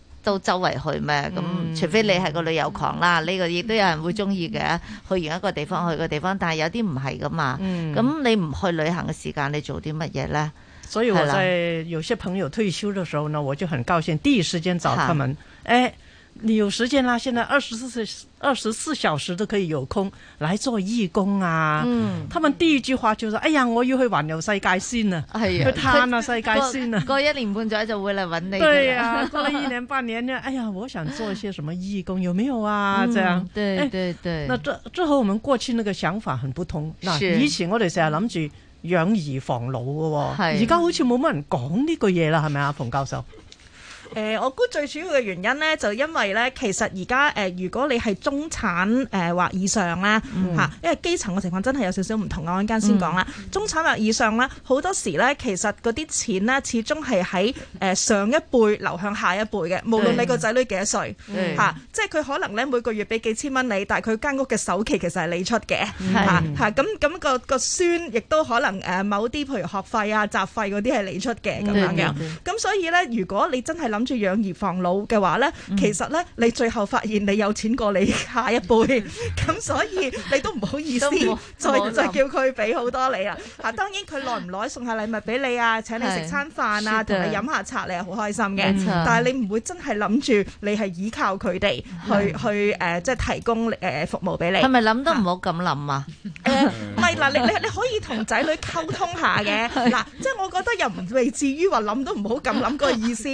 到周圍去咩？咁除非你係個旅遊狂啦，呢個亦都有人會鍾意嘅。去完一個地方，去個地方，但係有啲唔係噶嘛。咁、嗯、你唔去旅行嘅時間，你做啲乜嘢呢？所以我在有些朋友退休嘅時候呢，我就很高興，第一時間找佢們。是哎你有時間啦，現在二十四二十四小時都可以有空來做義工啊！嗯，他們第一句話就是：哎呀，我又去環遊世界先啊。哎呀」哎啊，去嘆下世界先啊。過一年半載就回來搵你。對啊，過了一年半年呢？ 哎呀，我想做一些什麼義工，有沒有啊？嗯、這樣。對對對、哎。那這這和我們過去那個想法很不同。是。以前我哋成日諗住養兒防老嘅、哦，而家是好似冇乜人講呢個嘢啦，係咪啊，馮教授？誒、呃，我估最主要嘅原因咧，就因為咧，其實而家誒，如果你係中產誒或、呃、以上啦，嚇、嗯，因為基層嘅情況真係有少少唔同，我陣間先講啦。嗯、中產或以上啦，好多時咧，其實嗰啲錢咧，始終係喺誒上一輩流向下一輩嘅，無論你個仔女幾多歲嚇，即係佢可能咧每個月俾幾千蚊你，但係佢間屋嘅首期其實係你出嘅嚇嚇，咁咁對、嗯啊嗰個、嗰個孫亦都可能誒某啲譬如學費啊、雜費嗰啲係你出嘅咁樣樣，咁所以咧，如果你真係諗諗住養兒防老嘅話咧，其實咧，你最後發現你有錢過你下一輩，咁所以你都唔好意思再再叫佢俾好多你啦。吓，當然佢耐唔耐送下禮物俾你啊，請你食餐飯啊，同你飲下茶你係好開心嘅。但係你唔會真係諗住你係依靠佢哋去去誒，即係提供誒服務俾你。係咪諗都唔好咁諗啊？誒，唔係嗱，你你你可以同仔女溝通下嘅嗱，即係我覺得又唔未至於話諗都唔好咁諗個意思，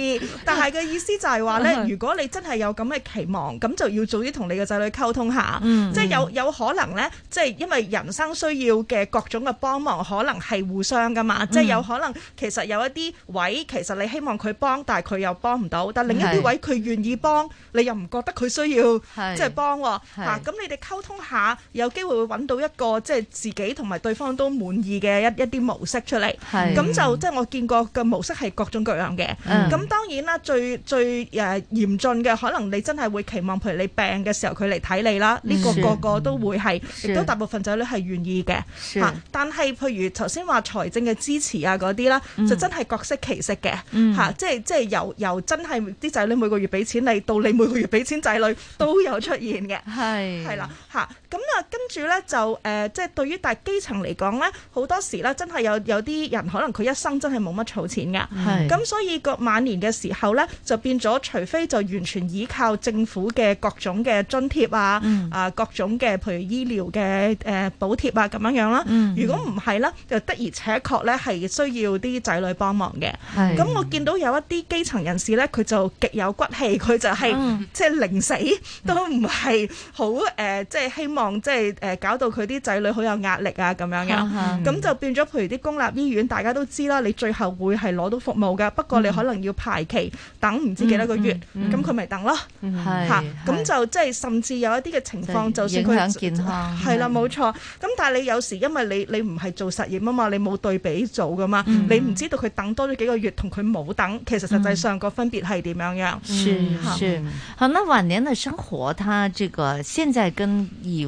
但係嘅意思就係話咧，如果你真係有咁嘅期望，咁就要早啲同你嘅仔女溝通下，嗯嗯、即係有有可能咧，即係因為人生需要嘅各種嘅幫忙，可能係互相噶嘛，嗯、即係有可能其實有一啲位，其實你希望佢幫，但係佢又幫唔到，但另一啲位，佢願意幫，是你又唔覺得佢需要，是即係幫、哦。嚇是，咁、啊、你哋溝通下，有機會會揾到一個即係自己同埋對方都滿意嘅一一啲模式出嚟。係是，咁就即係我見過嘅模式係各種各樣嘅。嗯，咁當然啦。最最誒、呃、嚴峻嘅，可能你真係會期望，譬如你病嘅時候佢嚟睇你啦，呢、嗯、個個個都會係，是亦都大部分仔女係願意嘅嚇是、啊。但係譬如頭先話財政嘅支持啊嗰啲啦，嗯、就真係各色其色嘅嚇，即係即係由由真係啲仔女每個月俾錢你，到你每個月俾錢仔女都有出現嘅，係係是啦嚇。啊咁啊，跟住咧就誒、呃、即係對於大基層嚟講咧，好多時咧真係有有啲人可能佢一生真係冇乜儲錢㗎。係咁是所以個晚年嘅時候咧，就變咗除非就完全依靠政府嘅各種嘅津貼啊，嗯、啊各種嘅譬如醫療嘅誒補貼啊咁樣樣啦。嗯，如果唔係咧，就的而且確咧係需要啲仔女幫忙嘅。係咁是我見到有一啲基層人士咧，佢就極有骨氣，佢就係、是嗯、即係寧死都唔係好誒，即係希望。望即係誒，搞到佢啲仔女好有壓力啊，咁樣嘅，咁就變咗。譬如啲公立醫院，大家都知啦，你最後會係攞到服務噶，不過你可能要排期等唔知幾多個月，咁佢咪等咯，吓。咁就即係甚至有一啲嘅情況，就算佢影響健康，係啦，冇錯。咁但係你有時因為你你唔係做實驗啊嘛，你冇對比做噶嘛，你唔知道佢等多咗幾個月同佢冇等，其實實際上個分別係點樣樣？是是好，那晚年的生活，他這個現在跟以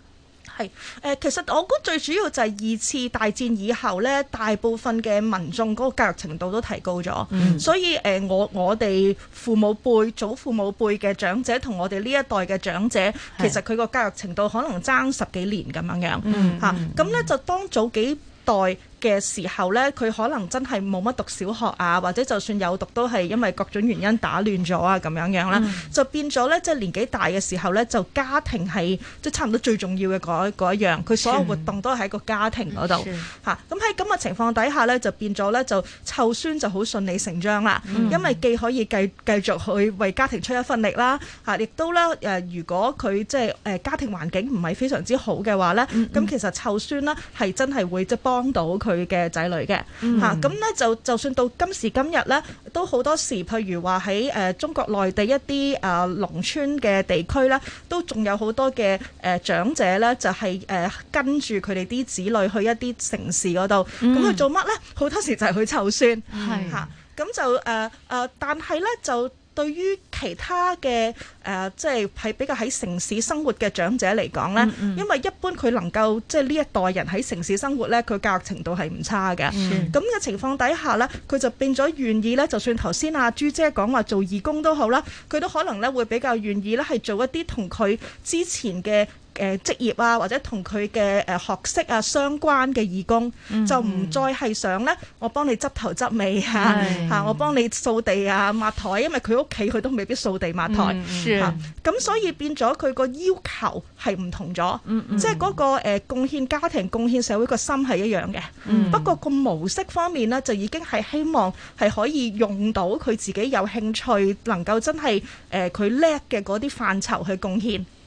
誒，其實我估最主要就係二次大戰以後咧，大部分嘅民眾嗰個教育程度都提高咗，嗯、所以誒，我我哋父母輩、祖父母輩嘅長者同我哋呢一代嘅長者，其實佢個教育程度可能爭十幾年咁樣樣，吓，咁咧就當早幾代。嘅時候咧，佢可能真係冇乜讀小學啊，或者就算有讀都係因為各種原因打亂咗啊，咁樣樣啦，就變咗咧，即係年紀大嘅時候咧，就家庭係即差唔多最重要嘅嗰一樣，佢、嗯、所有活動都喺個家庭嗰度吓，咁喺咁嘅情況底下咧，就變咗咧就湊孫就好順理成章啦，嗯、因為既可以繼繼續去為家庭出一份力啦吓，亦都咧誒如果佢即係誒家庭環境唔係非常之好嘅話咧，咁、嗯嗯、其實湊孫啦係真係會即係幫到佢。佢嘅仔女嘅吓，咁咧、嗯啊、就就算到今時今日咧，都好多時譬如話喺誒中國內地一啲誒農村嘅地區咧，都仲有好多嘅誒、呃、長者咧，就係、是、誒、呃、跟住佢哋啲子女去一啲城市嗰度，咁去、嗯、做乜咧？好多時就係去湊孫，係吓是，咁、啊、就誒誒、呃呃，但係咧就。對於其他嘅誒，即係係比較喺城市生活嘅長者嚟講呢，因為一般佢能夠即係呢一代人喺城市生活呢，佢教育程度係唔差嘅。咁嘅、mm hmm. 情況底下呢，佢就變咗願意呢，就算頭先阿朱姐講話做義工都好啦，佢都可能呢會比較願意呢係做一啲同佢之前嘅。誒，職、呃、業啊，或者同佢嘅誒學識啊相關嘅義工，嗯、就唔再係想呢，我幫你執頭執尾啊，吓唉、啊、我幫你掃地啊、抹台，因為佢屋企佢都未必掃地抹台。咁、嗯啊、所以變咗佢個要求係唔同咗，即係嗰個誒貢獻家庭、貢獻社會個心係一樣嘅，嗯、不過個模式方面呢，就已經係希望係可以用到佢自己有興趣，能夠真係誒佢叻嘅嗰啲範疇去貢獻。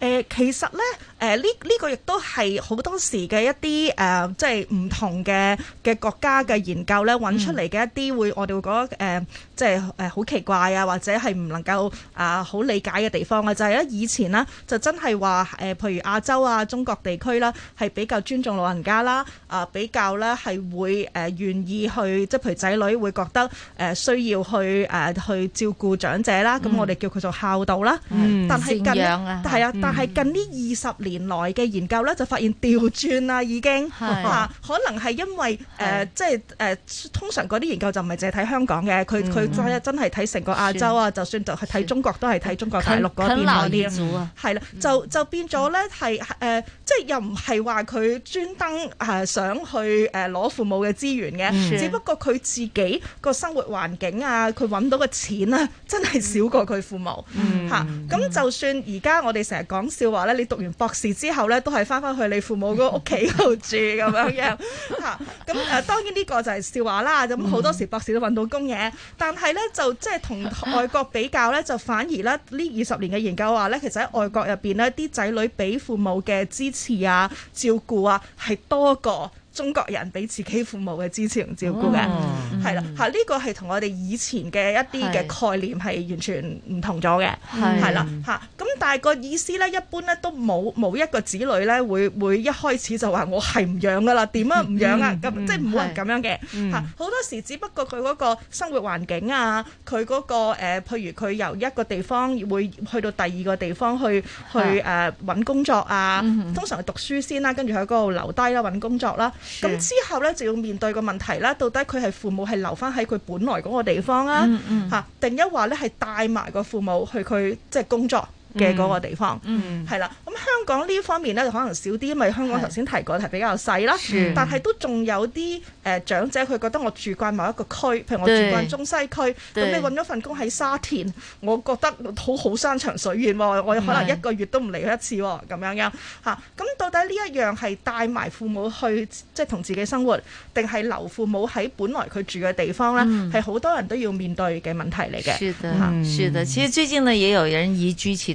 誒、呃、其實咧，誒呢呢個亦都係好多時嘅一啲誒、呃，即係唔同嘅嘅國家嘅研究咧，揾出嚟嘅一啲會，我哋會覺得誒、呃，即係誒好奇怪啊，或者係唔能夠啊好、呃、理解嘅地方啊，就係、是、咧以前呢，就真係話誒，譬如亞洲啊、中國地區啦，係比較尊重老人家啦，啊、呃、比較咧係會誒願意去，即係譬如仔女會覺得誒需要去誒、呃、去照顧長者啦，咁、嗯、我哋叫佢做孝道啦。嗯、但係近，係啊，但、啊。嗯但係近呢二十年來嘅研究咧，就發現調轉啦，已經嚇，是可能係因為誒即係誒通常嗰啲研究就唔係淨係睇香港嘅，佢佢再係真係睇成個亞洲啊，算就算就係睇中國是都係睇中國大陸嗰邊嗰啲咯。係啦，啊，就就變咗咧，係誒即係又唔係話，佢專登誒想去誒攞父母嘅資源嘅，是只不過佢自己個生活環境啊，佢揾到嘅錢啊，真係少過佢父母吓，咁就算而家我哋成日講。講笑話咧，你讀完博士之後咧，都係翻翻去你父母嗰屋企度住咁樣 樣。吓，咁誒，當然呢個就係笑話啦。咁好多時博士都搵到工嘢，但係咧就即係同外國比較咧，就反而咧呢二十年嘅研究話咧，其實喺外國入邊咧，啲仔女俾父母嘅支持啊、照顧啊，係多過，中國人俾自己父母嘅支持同照顧嘅，係啦嚇，呢個係同我哋以前嘅一啲嘅概念係完全唔同咗嘅，係啦嚇。咁但係個意思咧，一般咧都冇冇一個子女咧會會一開始就話我係唔養噶啦，點樣唔養啊咁，即係冇人咁樣嘅嚇。好多時只不過佢嗰個生活環境啊，佢嗰個誒，譬如佢由一個地方會去到第二個地方去去誒揾工作啊，通常係讀書先啦，跟住喺嗰度留低啦，揾工作啦。咁之後咧就要面對個問題啦，到底佢係父母係留返喺佢本來嗰個地方啊，嚇、嗯，定一話咧係帶埋個父母去佢即係工作嘅嗰個地方，係啦、嗯，咁、嗯嗯嗯嗯、香港呢方面呢，就可能少啲，因為香港頭先提過係比較細啦，是但係都仲有啲誒、呃、長者，佢覺得我住慣某一個區，譬如我住慣中西區，咁對你揾咗份工喺沙田，我覺得好好山長水遠喎，我可能一個月都唔離開一次喎，咁是樣樣嚇。咁、啊嗯嗯、到底呢一樣係帶埋父母去，即係同自己生活，定係留父母喺本來佢住嘅地方呢？係好多人都要面對嘅問題嚟嘅。是的，其實最近咧，也有人移居前。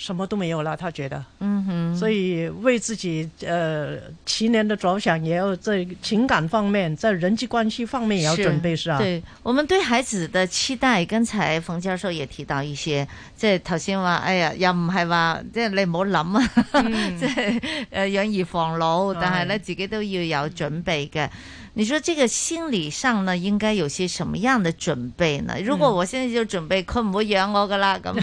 什麼都沒有了，他覺得，嗯哼，所以為自己呃耆年的着想，也要在情感方面，在人際關係方面也要準備，是啊。是對我們對孩子的期待，剛才馮教授也提到一些。這頭先話，哎呀，又唔係話，即係冇諗啊，即、嗯、呃養兒防老，但係呢，自己都要有準備嘅。嗯、你說這個心理上呢，應該有些什麼樣的準備呢？如果我現在就準備佢唔養我㗎啦，咁。嗯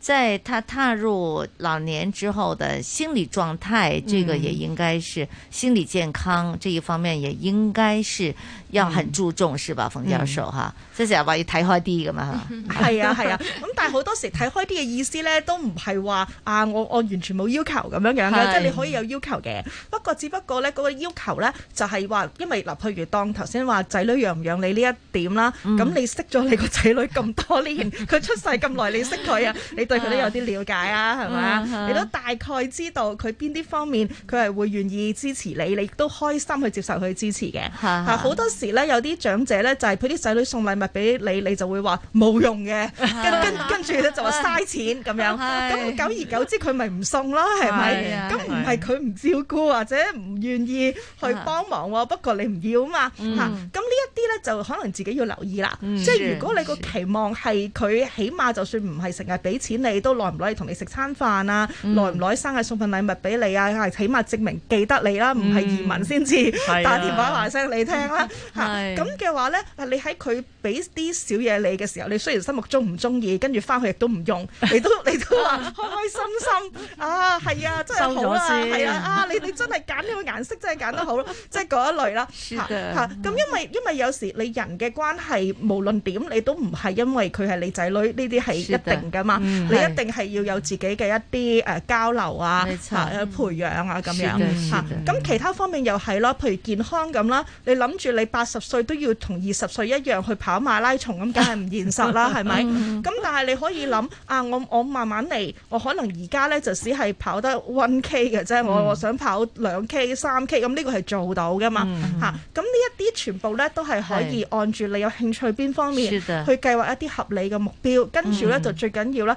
即在他踏入老年之後的心理狀態，嗯、這個也應該是心理健康這一方面，也應該是要很注重，嗯、是吧，馮教授？哈、嗯，即係話要睇開啲嘅嘛。係啊係啊，咁、啊、但係好多時睇開啲嘅意思咧，都唔係話啊，我我完全冇要求咁樣樣嘅，是即係你可以有要求嘅，不過只不過咧嗰、那個要求咧就係、是、話，因為嗱，譬、呃、如當頭先話仔女養唔養你呢一點啦，咁、嗯、你識咗你個仔女咁多年，佢 出世咁耐，你識佢啊， 對佢都有啲了解啊，係咪？ 你都大概知道佢邊啲方面，佢係會願意支持你，你亦都開心去接受佢支持嘅。係啊，好 多時咧，有啲長者咧，就係佢啲仔女送禮物俾你，你就會話冇用嘅， 跟跟跟住咧就話嘥錢咁樣。咁 久而久之他不，佢咪唔送咯？係咪？咁唔係佢唔照顧或者唔願意去幫忙喎？的不過你唔要啊嘛。嚇、嗯，咁呢一啲咧就可能自己要留意啦。嗯、即係如果你個期望係佢起碼就算唔係成日俾錢。你都耐唔耐同你食餐飯啊？耐唔耐生日送份禮物俾你啊？起碼證明記得你啦，啊，唔係移民先至，嗯啊、打電話話聲你聽啦。咁嘅話呢，你喺佢俾啲小嘢你嘅時候，你雖然心目中唔中意，跟住翻去亦都唔用，你都你都話開開心心 啊！係啊，真係好啊，係啦啊！你你真係揀呢個顏色真係揀得好咯，即係嗰一類啦，啊。吓的，咁，啊啊、因為因為有時候你人嘅關係，無論點你都唔係因為佢係你仔女呢啲係一定噶嘛。你一定係要有自己嘅一啲誒交流啊，錯培養啊咁樣嚇。咁、啊、其他方面又係囉，譬如健康咁啦，你諗住你八十歲都要同二十歲一樣去跑馬拉松咁，梗係唔現實啦，係咪？咁但係你可以諗啊，我我慢慢嚟，我可能而家咧就只係跑得 one k 嘅啫，我、嗯、我想跑兩 k、三 k，咁呢個係做到噶嘛嚇。咁呢一啲全部咧都係可以按住你有興趣邊方面去計劃一啲合理嘅目標，的跟住咧就最緊要啦。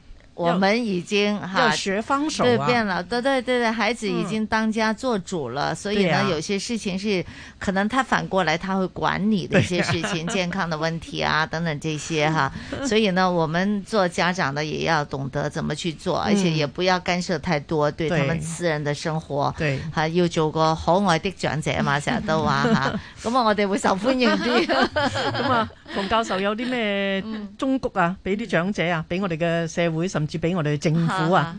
我們已經要學放手啊，對，變了，對對對對，孩子已經當家做主了，所以呢，有些事情是可能他反過來他會管你的一些事情，健康的問題啊，等等這些哈。所以呢，我們做家長的也要懂得怎麼去做，而且也不要干涉太多對他們私人的生活。對，哈，要做個可愛的長者嘛，成日都話哈，咁啊，我哋會受歡迎啲。咁啊，馮教授有啲咩忠告啊？俾啲長者啊，俾我哋嘅社會甚至。俾我哋政府啊！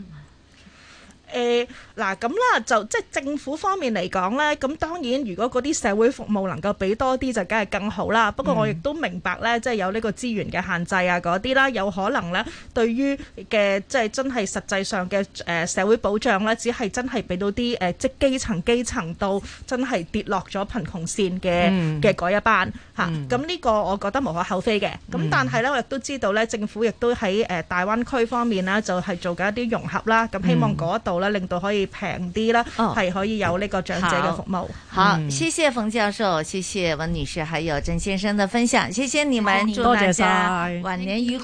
誒嗱咁啦，就即係政府方面嚟講咧，咁當然如果嗰啲社會服務能夠俾多啲，就梗係更好啦。不過我亦都明白咧，嗯、即係有呢個資源嘅限制啊，嗰啲啦，有可能咧對於嘅即係真係實際上嘅誒社會保障咧，只係真係俾到啲誒即係基層基層到真係跌落咗貧窮綫嘅嘅嗰一班吓，咁呢、嗯啊、個我覺得無可厚非嘅。咁、嗯、但係咧，我亦都知道咧，政府亦都喺誒大灣區方面呢就係做緊一啲融合啦。咁希望嗰度。嗯令到可以平啲啦，係、oh. 可以有呢個長者嘅服務好。好，謝謝馮教授，謝謝溫女士，還有鄭先生嘅分享，謝謝你們，年祝大家晚年愉快。